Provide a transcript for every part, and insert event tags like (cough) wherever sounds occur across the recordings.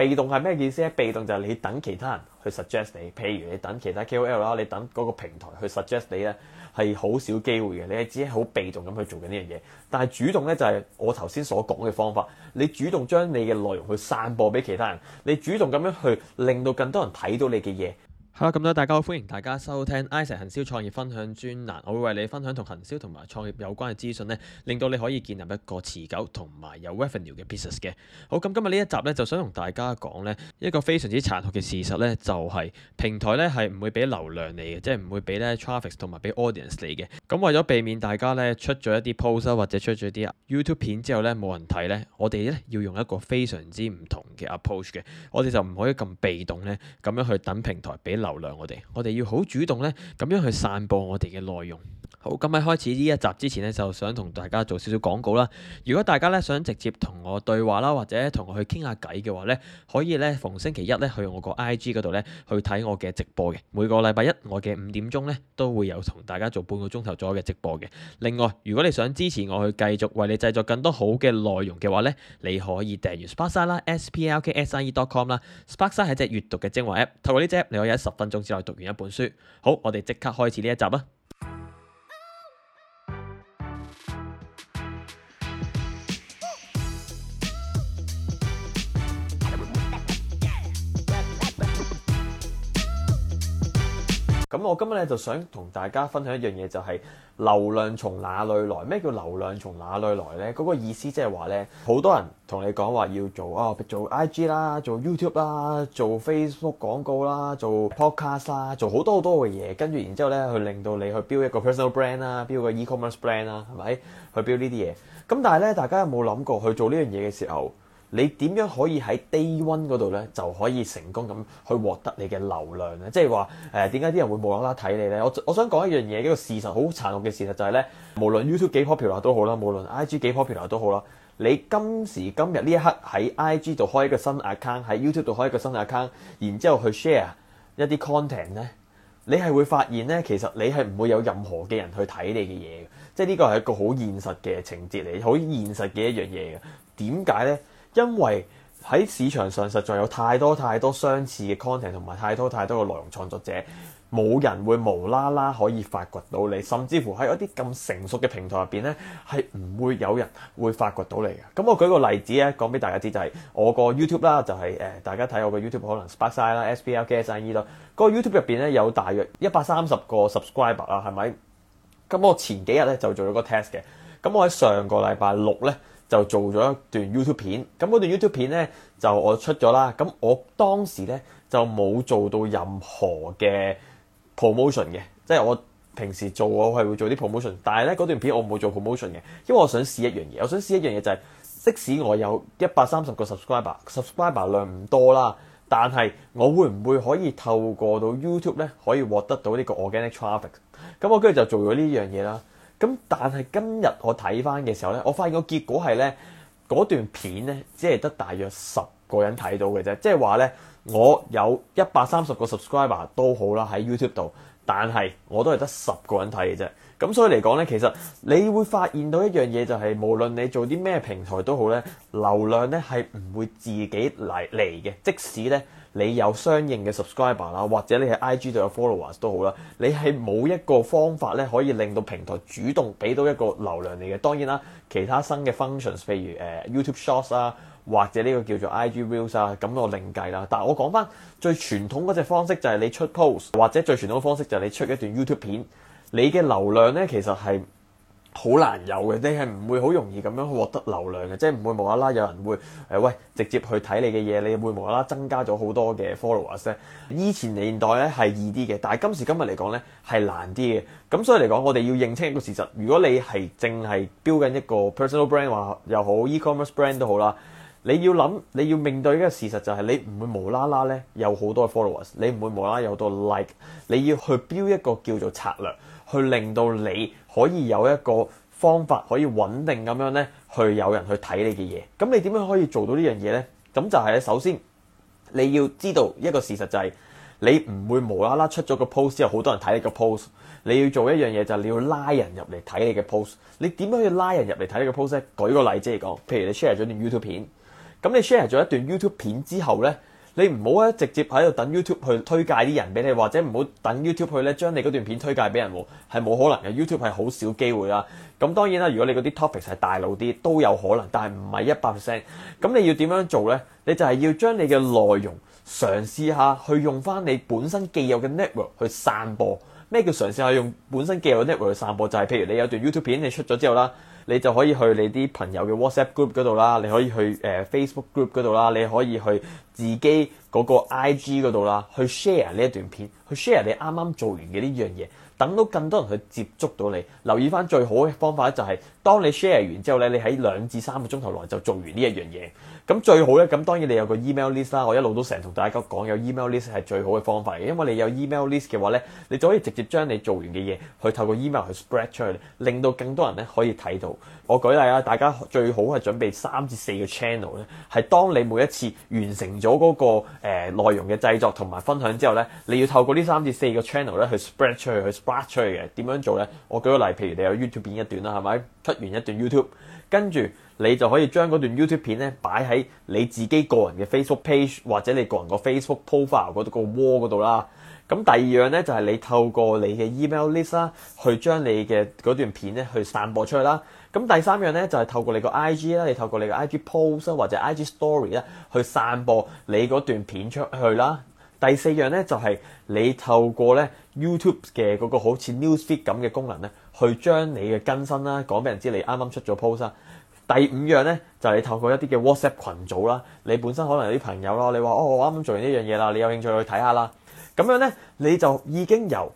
被動係咩意思咧？被動就係你等其他人去 suggest 你，譬如你等其他 KOL 啦，你等嗰個平台去 suggest 你咧，係好少機會嘅。你係只係好被動咁去做緊呢樣嘢。但係主動咧就係我頭先所講嘅方法，你主動將你嘅內容去散播俾其他人，你主動咁樣去令到更多人睇到你嘅嘢。好咁多，大家好，歡迎大家收聽 ISA 行銷創業分享專欄，我會為你分享同行銷同埋創業有關嘅資訊呢，令到你可以建立一個持久同埋有 revenue 嘅 business 嘅。好，咁今日呢一集呢，就想同大家講呢一個非常之殘酷嘅事實呢，就係平台呢係唔會俾流量你嘅，即係唔會俾呢 traffic 同埋俾 audience 你嘅。咁為咗避免大家呢出咗一啲 post 啊或者出咗啲 YouTube 片之後呢冇人睇呢，我哋呢要用一個非常之唔同嘅 approach 嘅，我哋就唔可以咁被動呢，咁樣去等平台俾流。流量，我哋我哋要好主動咧，咁樣去散播我哋嘅內容。好，咁喺開始呢一集之前呢，就想同大家做少少廣告啦。如果大家呢想直接同我對話啦，或者同我去傾下偈嘅話呢，可以呢逢星期一呢去我個 I G 嗰度呢去睇我嘅直播嘅。每個禮拜一我嘅五點鐘呢都會有同大家做半個鐘頭左右嘅直播嘅。另外，如果你想支持我去繼續為你製作更多好嘅內容嘅話呢，你可以訂閱 Sparkside 啦，s p l k s i e dot com 啦。Sparkside 係隻閱讀嘅精華 App，透過呢隻 App 你可以喺十分鐘之內讀完一本書。好，我哋即刻開始呢一集啊！咁我今日咧就想同大家分享一樣嘢，就係流量從哪裏來？咩叫流量從哪裏來呢？嗰個意思即係話呢，好多人同你講話要做哦，做 I G 啦，做 YouTube 啦，做 Facebook 廣告啦，做 Podcast 啦，做好多好多嘅嘢，跟住然之後咧去令到你去 build 一個 personal brand 啦 build 個 ecommerce brand 啦，係咪去 build 呢啲嘢？咁但係呢，大家有冇諗過去做呢樣嘢嘅時候？你點樣可以喺低 a 嗰度咧，就可以成功咁去獲得你嘅流量咧？即係話誒點解啲人會冇啦啦睇你咧？我我想講一樣嘢，呢個事實好殘酷嘅事實就係、是、咧，無論 YouTube 幾 p o p u l a r 都好啦，無論 I G 幾 p o p u l a r 都好啦，你今時今日呢一刻喺 I G 度開一個新 account，喺 YouTube 度開一個新 account，然之後去 share 一啲 content 咧，你係會發現咧，其實你係唔會有任何嘅人去睇你嘅嘢嘅。即係呢個係一個好現實嘅情節嚟，好現實嘅一樣嘢嘅。點解咧？因為喺市場上實在有太多太多相似嘅 content，同埋太多太多嘅內容創作者，冇人會無啦啦可以發掘到你，甚至乎喺一啲咁成熟嘅平台入邊呢，係唔會有人會發掘到你嘅。咁我舉個例子咧，講俾大家知，就係、是、我個 YouTube 啦、就係，就係誒大家睇我個 YouTube 可能 Spike a 啦、SBL、e,、g s i e 啦，個 YouTube 入邊呢，有大約一百三十個 subscriber 啦，係咪？咁我前幾日呢，就做咗個 test 嘅，咁我喺上個禮拜六呢。就做咗一段 YouTube 片，咁嗰段 YouTube 片呢，就我出咗啦。咁我當時呢，就冇做到任何嘅 promotion 嘅，即係我平時做我係會做啲 promotion，但係呢，嗰段片我冇做 promotion 嘅，因為我想試一樣嘢，我想試一樣嘢就係即使我有一百三十個 subscriber，subscriber 量唔多啦，但係我會唔會可以透過到 YouTube 呢，可以獲得到呢個 organic traffic？咁我跟住就做咗呢樣嘢啦。咁但係今日我睇返嘅時候呢，我發現個結果係呢：嗰段片呢，只係得大約十個人睇到嘅啫，即係話呢，我有一百三十個 subscriber 都好啦，喺 YouTube 度。但係我都係得十個人睇嘅啫，咁所以嚟講呢，其實你會發現到一樣嘢就係、是、無論你做啲咩平台都好呢，流量呢係唔會自己嚟嚟嘅。即使呢，你有相應嘅 subscriber 啦，或者你喺 IG 度有 followers 都好啦，你係冇一個方法呢可以令到平台主動俾到一個流量嚟嘅。當然啦，其他新嘅 functions，譬如誒、呃、YouTube Shorts 啊。或者呢個叫做 IG views 啊，咁我另計啦。但係我講翻最傳統嗰隻方式就係你出 post，或者最傳統嘅方式就係你出一段 YouTube 片。你嘅流量呢，其實係好難有嘅，你係唔會好容易咁樣獲得流量嘅，即係唔會無啦啦有人會誒喂、呃、直接去睇你嘅嘢，你會無啦啦增加咗好多嘅 followers。以前年代呢係易啲嘅，但係今時今日嚟講呢係難啲嘅。咁所以嚟講，我哋要認清一個事實：如果你係淨係 build 緊一個 personal brand 話又好，好，e-commerce brand 都好啦。你要諗，你要面對一個事實就係你唔會無啦啦咧有好多 followers，你唔會無啦啦有好多 like。你要去標一個叫做策略，去令到你可以有一個方法可以穩定咁樣咧去有人去睇你嘅嘢。咁你點樣可以做到呢樣嘢呢？咁就係咧首先你要知道一個事實就係你唔會無啦啦出咗個 post 之後好多人睇你個 post。你要做一樣嘢就係你要拉人入嚟睇你嘅 post。你點樣去拉人入嚟睇你嘅 post 咧？舉個例即係講，譬如你 share 咗段 YouTube 片。咁你 share 咗一段 YouTube 片之後呢，你唔好咧直接喺度等 YouTube 去推介啲人俾你，或者唔好等 YouTube 去咧將你嗰段片推介俾人，係冇可能嘅。YouTube 係好少機會啦。咁當然啦，如果你嗰啲 topic 係大路啲，都有可能，但係唔係一百 percent。咁你要點樣做呢？你就係要將你嘅內容嘗試下去用翻你本身既有嘅 network 去散播。咩叫嘗試下用本身既有嘅 network 去散播？就係、是、譬如你有段 YouTube 片你出咗之後啦。你就可以去你啲朋友嘅 WhatsApp group 嗰度啦，你可以去誒 Facebook group 嗰度啦，你可以去自己嗰個 IG 嗰度啦，去 share 呢一段片，去 share 你啱啱做完嘅呢樣嘢，等到更多人去接觸到你，留意翻最好嘅方法就係、是。當你 share 完之後咧，你喺兩至三個鐘頭內就做完呢一樣嘢，咁最好咧，咁當然你有個 email list 啦，我一路都成日同大家講，有 email list 係最好嘅方法嘅，因為你有 email list 嘅話咧，你就可以直接將你做完嘅嘢，去透過 email 去 spread 出去，令到更多人咧可以睇到。我舉例啊，大家最好係準備三至四個 channel 咧，係當你每一次完成咗嗰、那個誒、呃、內容嘅製作同埋分享之後咧，你要透過呢三至四個 channel 咧去 spread 出去，去 spread 出去嘅。點樣做咧？我舉個例，譬如你有 YouTube 片一段啦，係咪？出完一段 YouTube，跟住你就可以將嗰段 YouTube 片咧擺喺你自己個人嘅 Facebook page 或者你個人個 Facebook profile 嗰度個 wall 嗰度啦。咁第二樣咧就係你透過你嘅 email list 啦，去將你嘅嗰段片咧去散播出去啦。咁第三樣咧就係透過你個 IG 啦，你透過你個 IG post 啊或者 IG story 啦去散播你嗰段片出去啦。第四樣咧就係你透過咧 YouTube 嘅嗰個好似 newsfeed 咁嘅功能咧。去將你嘅更新啦，講俾人知，你啱啱出咗 post。第五樣呢，就係你透過一啲嘅 WhatsApp 群組啦，你本身可能有啲朋友咯，你話哦，我啱啱做完呢樣嘢啦，你有興趣去睇下啦。咁樣呢，你就已經由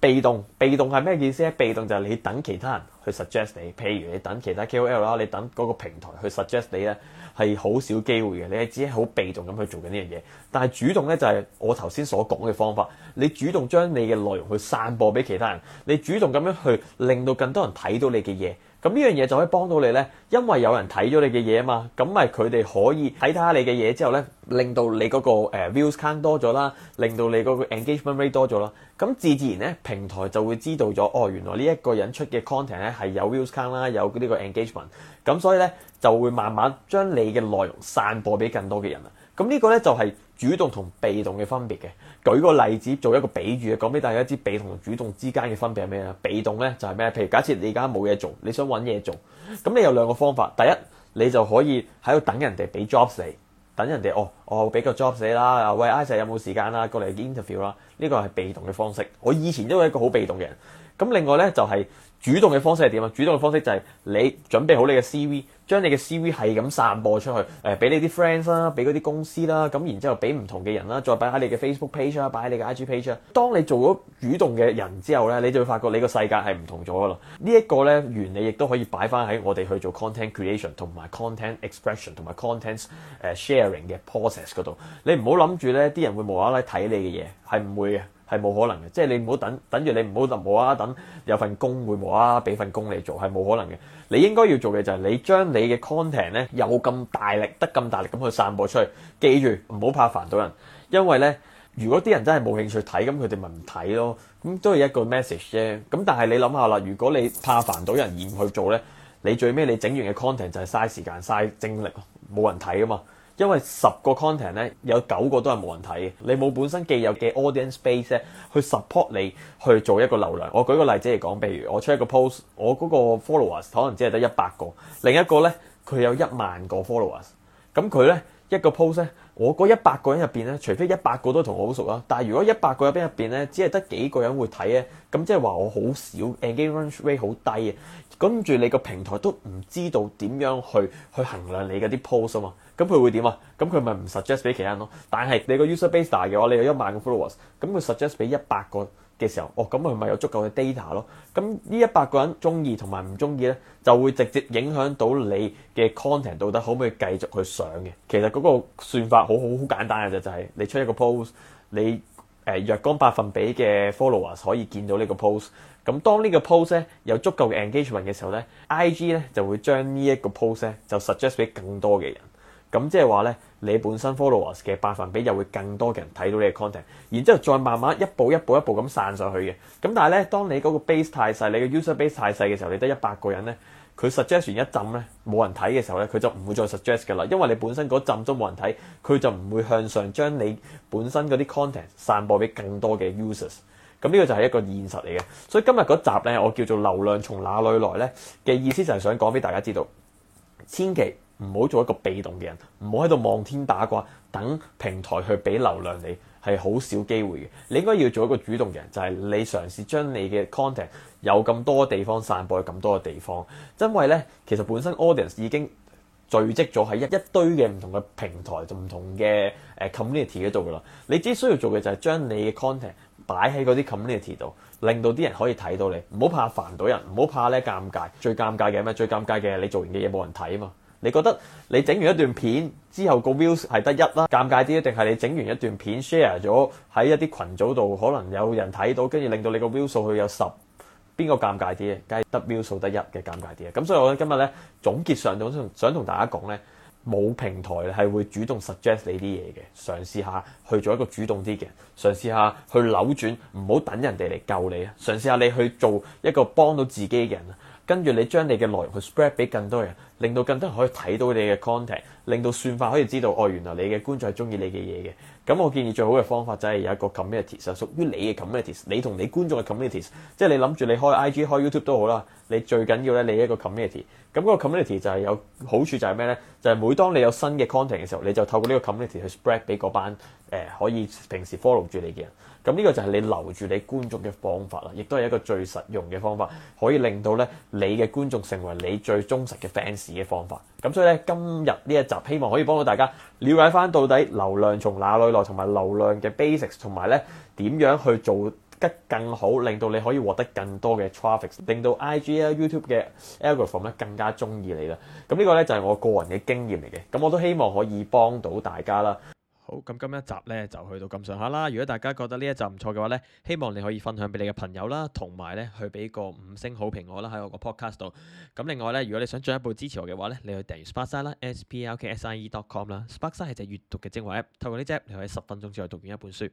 被動，被動係咩意思咧？被動就係你等其他人去 suggest 你，譬如你等其他 KOL 啦，你等嗰個平台去 suggest 你咧，係好少機會嘅。你係只係好被動咁去做緊呢樣嘢。但係主動咧就係、是、我頭先所講嘅方法，你主動將你嘅內容去散播俾其他人，你主動咁樣去令到更多人睇到你嘅嘢。咁呢樣嘢就可以幫到你咧，因為有人睇咗你嘅嘢啊嘛，咁咪佢哋可以睇睇下你嘅嘢之後咧，令到你嗰個誒 views count 多咗啦，令到你嗰個 engagement rate 多咗啦。咁自然咧，平台就會知道咗，哦原來呢一個人出嘅 content 咧係有 views count 啦，有呢個 engagement，咁所以咧就會慢慢將你嘅內容散播俾更多嘅人啊。咁呢個咧就係主動同被動嘅分別嘅。舉個例子，做一個比喻，講俾大家知被動同主動之間嘅分別係咩啊？被動咧就係咩？譬如假設你而家冇嘢做，你想揾嘢做，咁你有兩個方法。第一，你就可以喺度等人哋俾 job 你，等人哋哦，我、哦、俾個 job 你啦。喂，阿、啊、Sir 有冇時間啦？過嚟 interview 啦。呢個係被動嘅方式。我以前都係一個好被動嘅人。咁另外咧就係主動嘅方式係點啊？主動嘅方式就係你準備好你嘅 CV，將你嘅 CV 係咁散播出去，誒俾你啲 friends 啦，俾嗰啲公司啦，咁然之後俾唔同嘅人啦，再擺喺你嘅 Facebook page 啊，擺喺你嘅 IG page 啊。當你做咗主動嘅人之後咧，你就會發覺你個世界係唔同咗㗎喇。這個、呢一個咧原理亦都可以擺翻喺我哋去做 content creation 同埋 content expression 同埋 content 誒 sharing 嘅 process 嗰度。你唔好諗住咧啲人會無啦啦睇你嘅嘢，係唔會嘅。係冇可能嘅，即係你唔好等，等住你唔好就冇啊。等有份工會無啦啦俾份工你做係冇可能嘅。你應該要做嘅就係你將你嘅 content 咧有咁大力得咁大力咁去散播出去。記住唔好怕煩到人，因為咧如果啲人真係冇興趣睇，咁佢哋咪唔睇咯。咁都係一個 message 啫。咁但係你諗下啦，如果你怕煩到人而唔去做咧，你最尾你整完嘅 content 就係嘥時間嘥精力，冇人睇㗎嘛。因為十個 content 咧，有九個都係冇人睇嘅。你冇本身既有嘅 audience base 咧，去 support 你去做一個流量。我舉個例子嚟講，譬如我出一個 post，我嗰個 followers 可能只係得一百個，另一個咧佢有一萬個 followers。咁佢咧一個 post 咧，我嗰一百個人入邊咧，除非一百個都同我好熟啦，但係如果一百個人入邊咧，只係得幾個人會睇咧，咁即係話我好少 (music) engagement rate 好低。跟住你個平台都唔知道點樣去去衡量你嗰啲 post 啊嘛。咁佢會點啊？咁佢咪唔 suggest 俾其他人咯？但係你個 user base 大嘅話，你有一萬個 followers，咁佢 suggest 俾一百個嘅時候，哦，咁佢咪有足夠嘅 data 咯？咁呢一百個人中意同埋唔中意咧，就會直接影響到你嘅 content 到底可唔可以繼續去上嘅。其實嗰個算法好好簡單嘅啫，就係、是、你出一個 post，你誒、呃、若干百分比嘅 followers 可以見到個個呢個 post。咁當呢個 post 咧有足夠嘅 engagement 嘅時候咧，IG 咧就會將呢一個 post 咧就 suggest 俾更多嘅人。咁即係話咧，你本身 followers 嘅百分比又會更多嘅人睇到你嘅 content，然之後再慢慢一步一步一步咁散上去嘅。咁但係咧，當你嗰個 base 太細，你嘅 user base 太細嘅時候，你得一百個人咧，佢 suggestion 一浸咧冇人睇嘅時候咧，佢就唔會再 suggest 噶啦，因為你本身嗰浸都冇人睇，佢就唔會向上將你本身嗰啲 content 散播俾更多嘅 users。咁、嗯、呢個就係一個現實嚟嘅。所以今日嗰集咧，我叫做流量從哪裏來咧嘅意思就係想講俾大家知道，千祈。唔好做一個被動嘅人，唔好喺度望天打卦，等平台去俾流量你係好少機會嘅。你應該要做一個主動嘅人，就係你嘗試將你嘅 content 有咁多地方散播去咁多嘅地方，因為咧其實本身 audience 已經聚集咗喺一一堆嘅唔同嘅平台，就唔同嘅誒 community 嗰度噶啦。你只需要做嘅就係將你嘅 content 擺喺嗰啲 community 度，令到啲人可以睇到你。唔好怕煩到人，唔好怕咧尷尬。最尷尬嘅咩？最尷尬嘅你做完嘅嘢冇人睇啊嘛～你覺得你整完一段片之後個 view 係得一啦，尷尬啲啊？定係你整完一段片 share 咗喺一啲群組度，可能有人睇到，跟住令到你個 view 數去有十，邊個尷尬啲啊？梗係得 view 數得一嘅尷尬啲啊！咁所以我今日咧總結上總想同大家講咧，冇平台係會主動 suggest 你啲嘢嘅，嘗試下去做一個主動啲嘅，嘗試下去扭轉，唔好等人哋嚟救你啊！嘗試下你去做一個幫到自己嘅人啊！跟住你將你嘅內容去 spread 俾更多人，令到更多人可以睇到你嘅 content，令到算法可以知道，哦，原來你嘅觀眾係中意你嘅嘢嘅。咁我建議最好嘅方法就係有一個 community，就屬於你嘅 community，你同你觀眾嘅 community。即係你諗住你開 IG、開 YouTube 都好啦，你最緊要咧你一個 community。咁嗰個 community 就係有好處就係咩咧？就係每當你有新嘅 content 嘅時候，你就透過呢個 community 去 spread 俾嗰班誒可以平時 follow 住你嘅人。咁呢個就係你留住你觀眾嘅方法啦，亦都係一個最實用嘅方法，可以令到咧你嘅觀眾成為你最忠實嘅 fans 嘅方法。咁所以咧，今日呢一集希望可以幫到大家了解翻到底流量從哪裏來，同埋流量嘅 basics 同埋咧點樣去做得更好，令到你可以獲得更多嘅 traffic，令到 IG 啊 YouTube 嘅 algorithm 咧更加中意你啦。咁呢個咧就係我個人嘅經驗嚟嘅，咁我都希望可以幫到大家啦。好，咁今一集咧就去到咁上下啦。如果大家覺得呢一集唔錯嘅話咧，希望你可以分享俾你嘅朋友啦，同埋咧去俾個五星好評我啦，喺我個 Podcast 度。咁另外咧，如果你想進一步支持我嘅話咧，你去訂閱 Sparksine 啦，sparksine dot com 啦。Sparksine 係隻閱讀嘅精華 App，透過呢隻 App 你可以喺十分鐘之內讀完一本書。